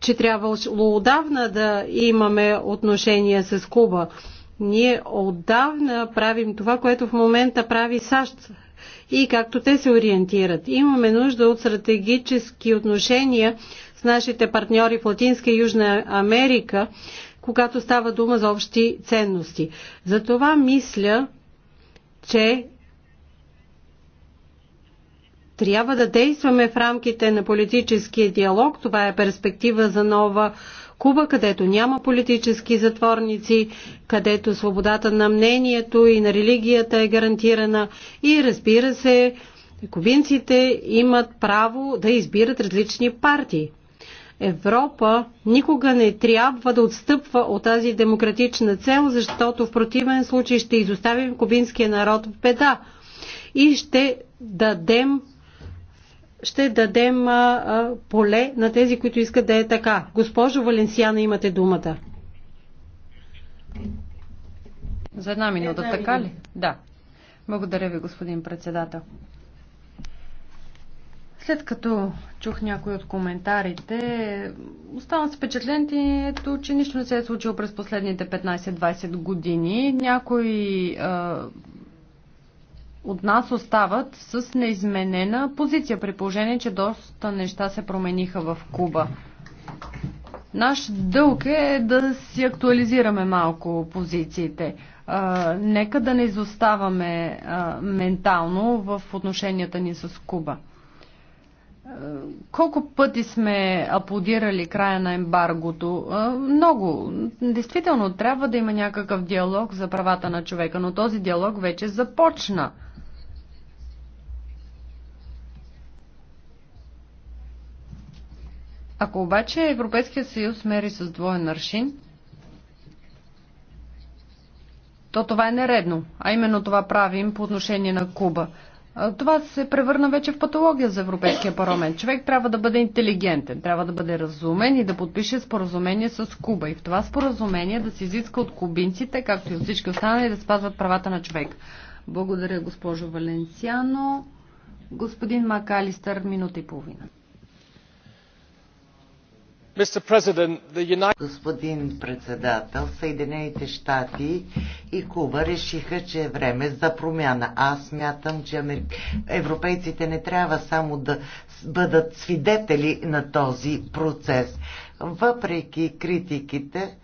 че трябва отдавна да имаме отношения с Куба. Ние отдавна правим това, което в момента прави САЩ и както те се ориентират. Имаме нужда от стратегически отношения с нашите партньори в Латинска и Южна Америка, когато става дума за общи ценности. Затова мисля, че трябва да действаме в рамките на политическия диалог. Това е перспектива за нова Куба, където няма политически затворници, където свободата на мнението и на религията е гарантирана и разбира се, кубинците имат право да избират различни партии. Европа никога не трябва да отстъпва от тази демократична цел, защото в противен случай ще изоставим кубинския народ в беда и ще дадем ще дадем поле на тези, които искат да е така. Госпожо Валенсиана, имате думата.
За една минута, една така минута. ли? Да. Благодаря ви, господин председател. След като чух някои от коментарите, оставам с впечатлението, че нищо не се е случило през последните 15-20 години. Някои от нас остават с неизменена позиция, при положение, че доста неща се промениха в Куба. Наш дълг е да си актуализираме малко позициите. А, нека да не изоставаме а, ментално в отношенията ни с Куба. Колко пъти сме аплодирали края на ембаргото? Много. Действително, трябва да има някакъв диалог за правата на човека, но този диалог вече започна. Ако обаче Европейския съюз мери с двоен аршин, то това е нередно, а именно това правим по отношение на Куба. Това се превърна вече в патология за Европейския парламент. Човек трябва да бъде интелигентен, трябва да бъде разумен и да подпише споразумение с Куба. И в това споразумение да се изиска от кубинците, както и от всички останали, да спазват правата на човек. Благодаря, госпожо Валенсиано. Господин Макалистър, минута и половина.
Господин председател, Съединените щати и Куба решиха, че е време за промяна. Аз мятам, че европейците не трябва само да бъдат свидетели на този процес. Въпреки критиките,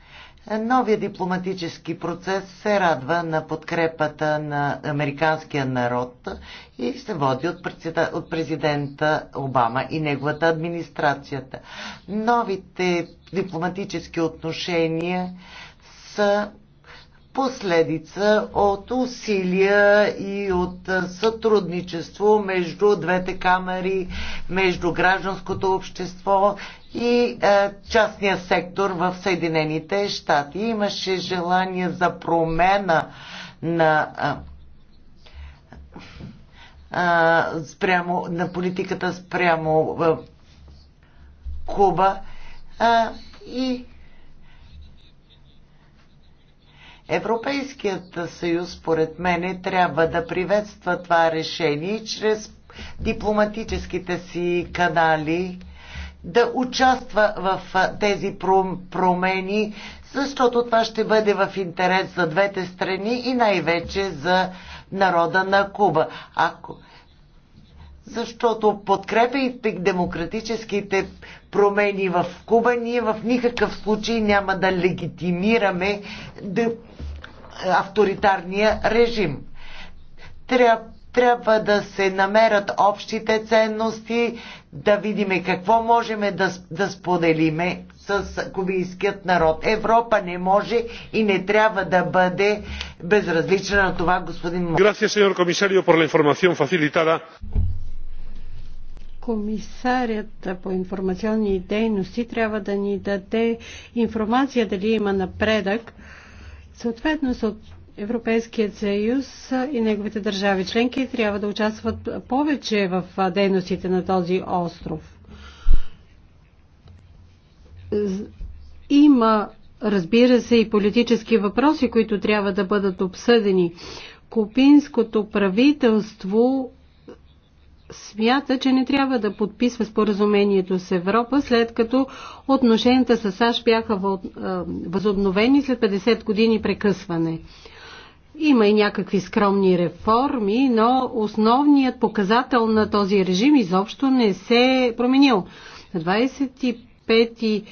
Новия дипломатически процес се радва на подкрепата на американския народ и се води от президента Обама и неговата администрацията. Новите дипломатически отношения са последица от усилия и от сътрудничество между двете камери, между гражданското общество и е, частния сектор в Съединените щати. Имаше желание за промена на е, спрямо, на политиката спрямо в Куба е, и Европейският съюз, според мене, трябва да приветства това решение чрез дипломатическите си канали да участва в тези промени, защото това ще бъде в интерес за двете страни и най-вече за народа на Куба. Ако защото подкрепяйте демократическите промени в Куба, ние в никакъв случай няма да легитимираме авторитарния режим. Тряб, трябва да се намерят общите ценности, да видиме какво можем да, да споделиме с кубийският народ. Европа не може и не трябва да бъде безразлична на това, господин Мон. Gracias, señor комисарио, por la información facilitada.
Комисарят по информационни дейности трябва да ни даде информация дали има напредък Съответно, Европейският съюз и неговите държави членки трябва да участват повече в дейностите на този остров. Има, разбира се, и политически въпроси, които трябва да бъдат обсъдени. Купинското правителство смята, че не трябва да подписва споразумението с Европа, след като отношенията с САЩ бяха възобновени след 50 години прекъсване. Има и някакви скромни реформи, но основният показател на този режим изобщо не се е променил. На 25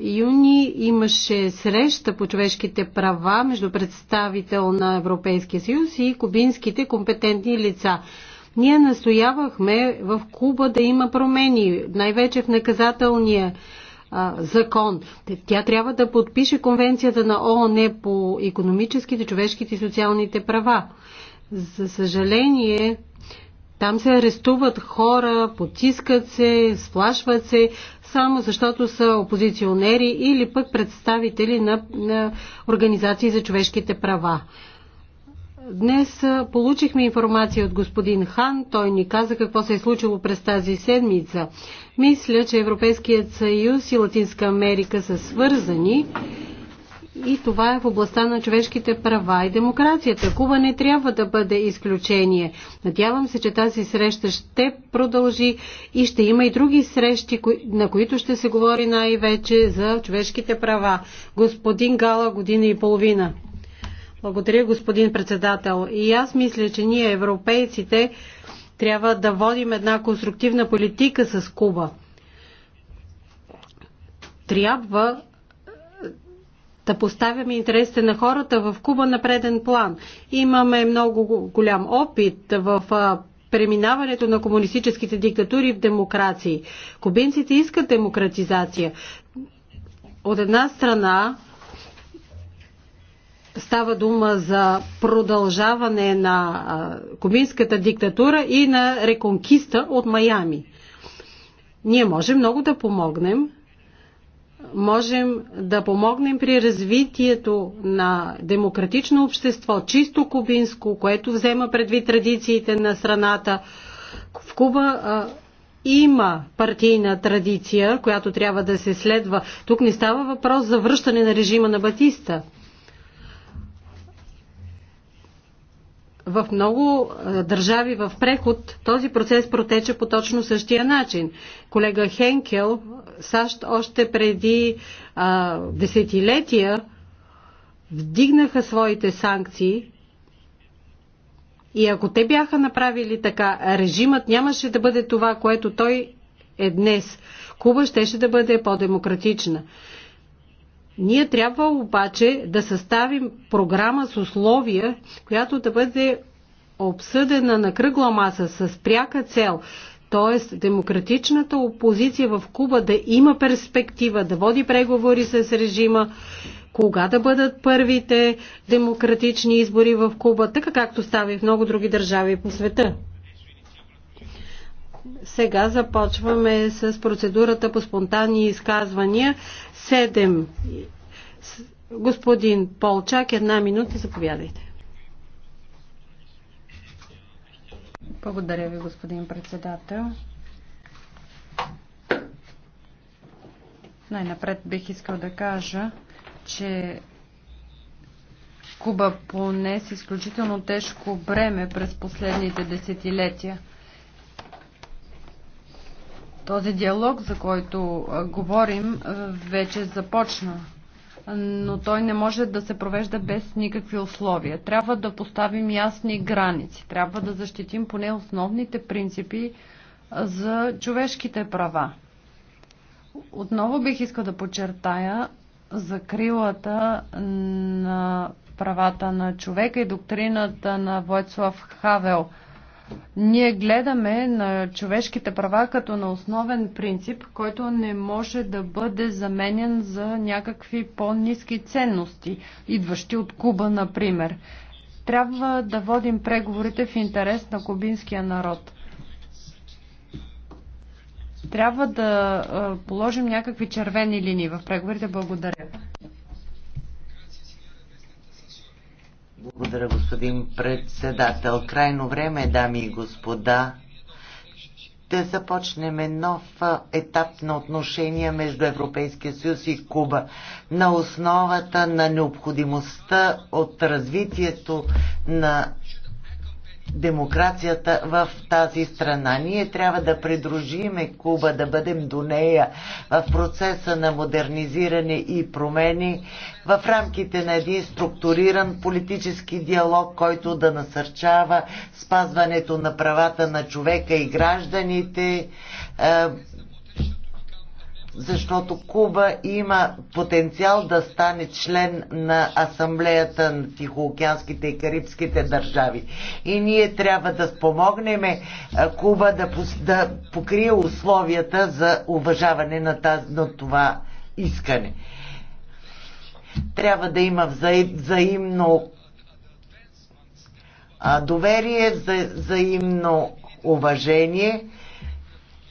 юни имаше среща по човешките права между представител на Европейския съюз и кубинските компетентни лица. Ние настоявахме в Куба да има промени, най-вече в наказателния а, закон. Тя трябва да подпише конвенцията на ООН по економическите, човешките и социалните права. За съжаление, там се арестуват хора, потискат се, сплашват се, само защото са опозиционери или пък представители на, на организации за човешките права. Днес получихме информация от господин Хан. Той ни каза какво се е случило през тази седмица. Мисля, че Европейският съюз и Латинска Америка са свързани и това е в областта на човешките права и демокрацията. Куба не трябва да бъде изключение. Надявам се, че тази среща ще продължи и ще има и други срещи, на които ще се говори най-вече за човешките права. Господин Гала, година и половина. Благодаря, господин председател. И аз мисля, че ние, европейците, трябва да водим една конструктивна политика с Куба. Трябва е, да поставяме интересите на хората в Куба на преден план. Имаме много голям опит в е, преминаването на комунистическите диктатури в демокрации. Кубинците искат демократизация. От една страна Става дума за продължаване на кубинската диктатура и на реконкиста от Майами. Ние можем много да помогнем. Можем да помогнем при развитието на демократично общество, чисто кубинско, което взема предвид традициите на страната. В Куба има партийна традиция, която трябва да се следва. Тук не става въпрос за връщане на режима на Батиста. в много е, държави в преход този процес протече по точно същия начин. Колега Хенкел, САЩ още преди а, десетилетия вдигнаха своите санкции и ако те бяха направили така, режимът нямаше да бъде това, което той е днес. Куба щеше да бъде по-демократична. Ние трябва обаче да съставим програма с условия, която да бъде обсъдена на кръгла маса с пряка цел, т.е. демократичната опозиция в Куба да има перспектива, да води преговори с режима, кога да бъдат първите демократични избори в Куба, така както става и в много други държави по света. Сега започваме с процедурата по спонтанни изказвания. Седем. Господин Полчак, една минута, заповядайте. Благодаря ви, господин председател.
Най-напред бих искал да кажа, че Куба понес изключително тежко бреме през последните десетилетия – този диалог, за който говорим, вече започна но той не може да се провежда без никакви условия. Трябва да поставим ясни граници, трябва да защитим поне основните принципи за човешките права. Отново бих искал да подчертая закрилата на правата на човека и доктрината на Войцлав Хавел – ние гледаме на човешките права като на основен принцип, който не може да бъде заменен за някакви по-низки ценности, идващи от Куба, например. Трябва да водим преговорите в интерес на кубинския народ трябва да положим някакви червени линии в преговорите. Благодаря.
Благодаря, господин председател. Крайно време, дами и господа, да започнем нов етап на отношения между Европейския съюз и Куба на основата на необходимостта от развитието на демокрацията в тази страна. Ние трябва да придружиме Куба, да бъдем до нея в процеса на модернизиране и промени в рамките на един структуриран политически диалог, който да насърчава спазването на правата на човека и гражданите, е, защото Куба има потенциал да стане член на Асамблеята на Тихоокеанските и Карибските държави. И ние трябва да спомогнем е, Куба да, да покрие условията за уважаване на, таз, на това искане. Трябва да има вза, взаимно а, доверие, за, взаимно уважение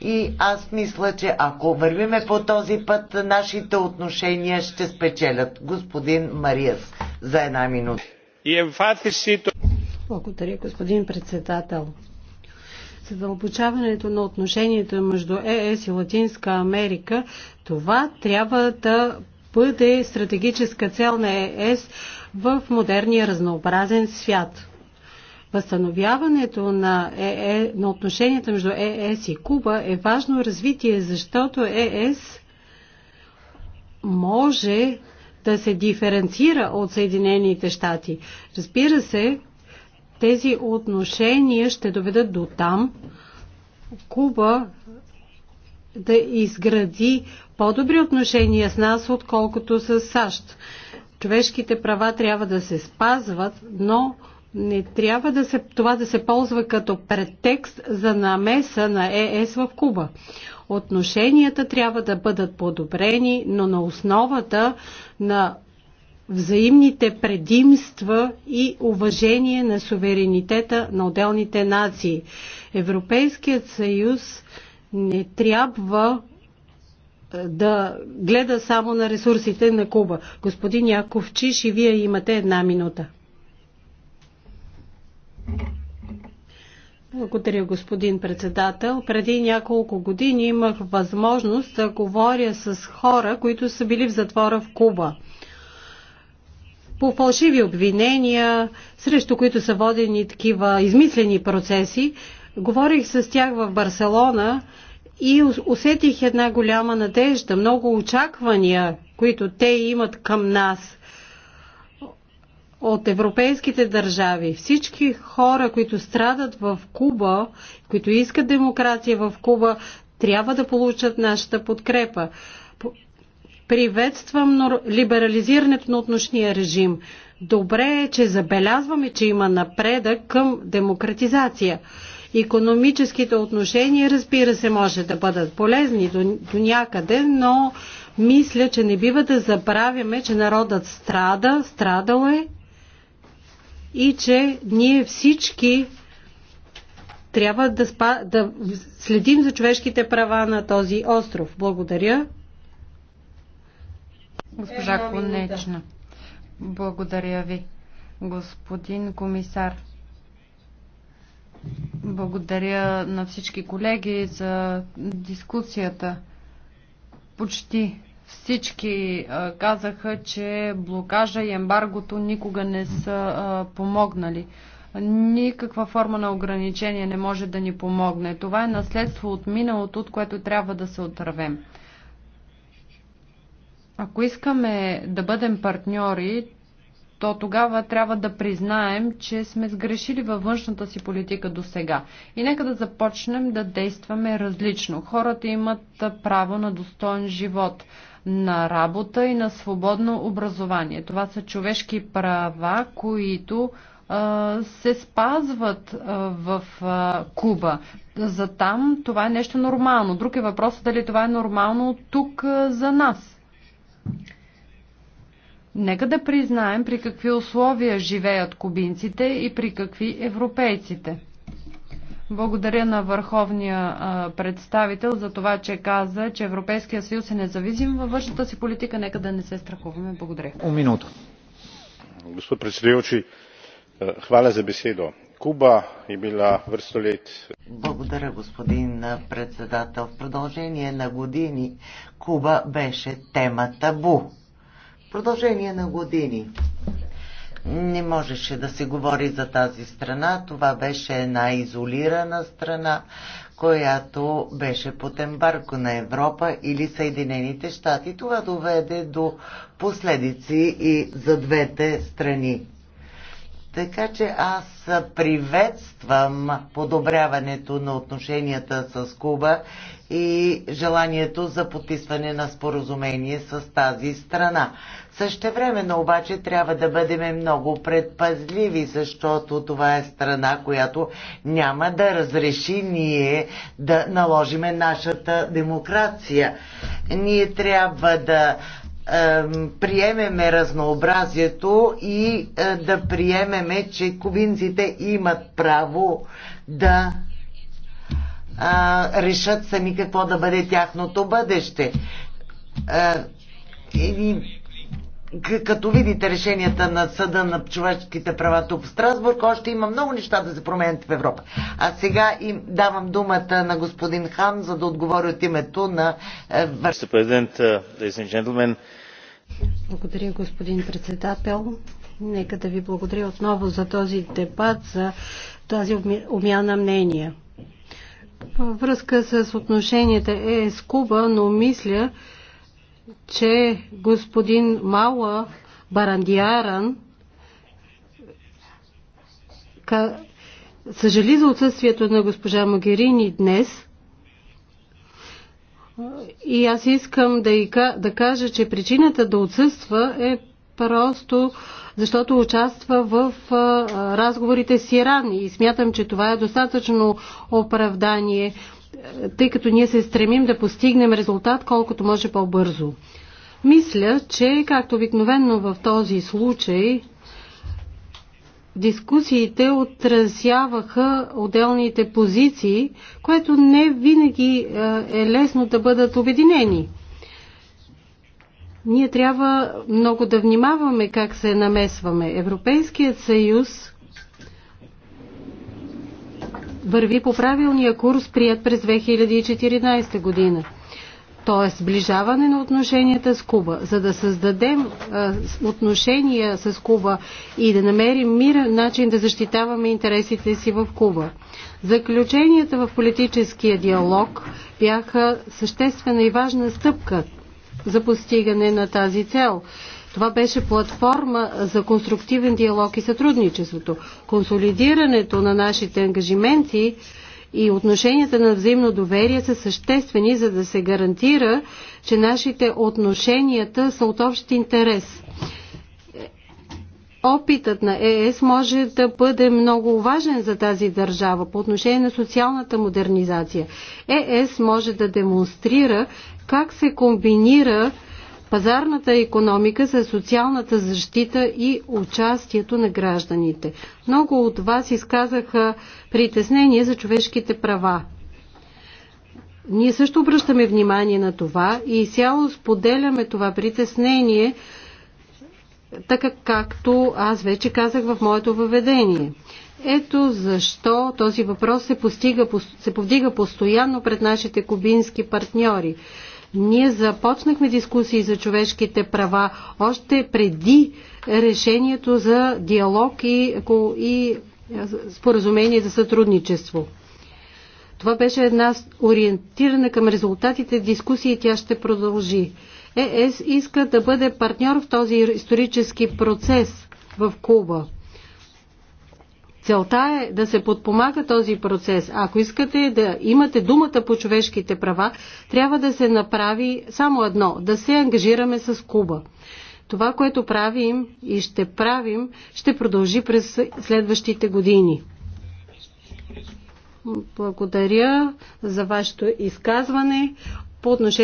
и аз мисля, че ако вървиме по този път, нашите отношения ще спечелят. Господин Мариас, за една минута.
Благодаря, господин председател. Задълбочаването на отношенията между ЕС и Латинска Америка, това трябва да бъде стратегическа цел на ЕС в модерния разнообразен свят. Възстановяването на, ЕЕ, е, на отношенията между ЕС е и Куба е важно развитие, защото ЕС е може да се диференцира от Съединените щати. Разбира се, тези отношения ще доведат до там Куба да изгради по-добри отношения с нас, отколкото с САЩ. Човешките права трябва да се спазват, но не трябва да се, това да се ползва като претекст за намеса на ЕС в Куба. Отношенията трябва да бъдат подобрени, но на основата на взаимните предимства и уважение на суверенитета на отделните нации. Европейският съюз не трябва е, да гледа само на ресурсите на Куба. Господин Яковчиш, и вие имате една минута. Благодаря, господин председател. Преди няколко години имах възможност да говоря с хора, които са били в затвора в Куба. По фалшиви обвинения, срещу които са водени такива измислени процеси, говорих с тях в Барселона и усетих една голяма надежда, много очаквания, които те имат към нас – от европейските държави. Всички хора, които страдат в Куба, които искат демокрация в Куба, трябва да получат нашата подкрепа. Приветствам либерализирането на отношния режим. Добре е, че забелязваме, че има напредък към демократизация. Економическите отношения, разбира се, може да бъдат полезни до, до някъде, но мисля, че не бива да забравяме, че народът страда, страдал е и че ние всички трябва да, спа, да следим за човешките права на този остров. Благодаря.
Госпожа Конечна. Благодаря ви. Господин комисар, благодаря на всички колеги за дискусията. Почти всички а, казаха, че блокажа и ембаргото никога не са а, помогнали. Никаква форма на ограничение не може да ни помогне. Това е наследство от миналото, от което трябва да се отървем. Ако искаме да бъдем партньори, то тогава трябва да признаем, че сме сгрешили във външната си политика до сега. И нека да започнем да действаме различно. Хората имат право на достоен живот на работа и на свободно образование. Това са човешки права, които се спазват в Куба. За там това е нещо нормално. Друг е въпрос дали това е нормално тук за нас. Нека да признаем при какви условия живеят кубинците и при какви европейците. Благодаря на върховния представител за това, че каза, че Европейския съюз е независим във външната си политика. Нека да не се страхуваме. Благодаря.
Минута. Господ
председател, хваля за беседо. Куба е била върсто лет.
Благодаря, господин председател. В продължение на години Куба беше тема табу. В продължение на години не можеше да се говори за тази страна. Това беше една изолирана страна, която беше под ембарко на Европа или Съединените щати. Това доведе до последици и за двете страни. Така че аз приветствам подобряването на отношенията с Куба и желанието за подписване на споразумение с тази страна. Същевременно обаче трябва да бъдем много предпазливи, защото това е страна, която няма да разреши ние да наложиме нашата демокрация. Ние трябва да приемеме разнообразието и е, да приемеме, че кубинците имат право да решат сами какво да бъде тяхното бъдеще. Е, и като видите решенията на съда на човешките права тук в Страсбург, още има много неща да се променят в Европа. А сега им давам думата на господин Хан, за да отговори от името на... Е,
uh,
благодаря, господин председател. Нека
да ви благодаря отново за този дебат, за тази умяна мнения. Във връзка с отношенията е с Куба, но мисля, че господин Мала Барандиаран съжали за отсъствието на госпожа Магерини днес. И аз искам да, и, да кажа, че причината да отсъства е просто защото участва в разговорите с Иран и смятам, че това е достатъчно оправдание тъй като ние се стремим да постигнем резултат колкото може по-бързо. Мисля, че както обикновенно в този случай, дискусиите отразяваха отделните позиции, което не винаги е, е лесно да бъдат обединени. Ние трябва много да внимаваме как се намесваме. Европейският съюз върви по правилния курс, прият през 2014 година. Т.е. сближаване на отношенията с Куба. За да създадем а, отношения с Куба и да намерим мирен начин да защитаваме интересите си в Куба. Заключенията в политическия диалог бяха съществена и важна стъпка за постигане на тази цел. Това беше платформа за конструктивен диалог и сътрудничеството. Консолидирането на нашите ангажименти и отношенията на взаимно доверие са съществени, за да се гарантира, че нашите отношенията са от общ интерес. Опитът на ЕС може да бъде много важен за тази държава по отношение на социалната модернизация. ЕС може да демонстрира как се комбинира пазарната економика за социалната защита и участието на гражданите. Много от вас изказаха притеснение за човешките права. Ние също обръщаме внимание на това и сяло споделяме това притеснение, така както аз вече казах в моето въведение. Ето защо този въпрос се, постига, се повдига постоянно пред нашите кубински партньори. Ние започнахме дискусии за човешките права още преди решението за диалог и, и е, споразумение за сътрудничество. Това беше една ориентирана към резултатите дискусии и тя ще продължи. Е, ЕС иска да бъде партньор в този исторически процес в Куба. Целта е да се подпомага този процес. Ако искате да имате думата по човешките права, трябва да се направи само едно да се ангажираме с Куба. Това, което правим и ще правим, ще продължи през следващите години. Благодаря за вашето изказване по отношение